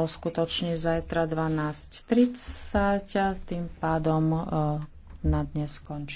skutočne zajtra 12.30 a tým pádom eh, na dnes skončí.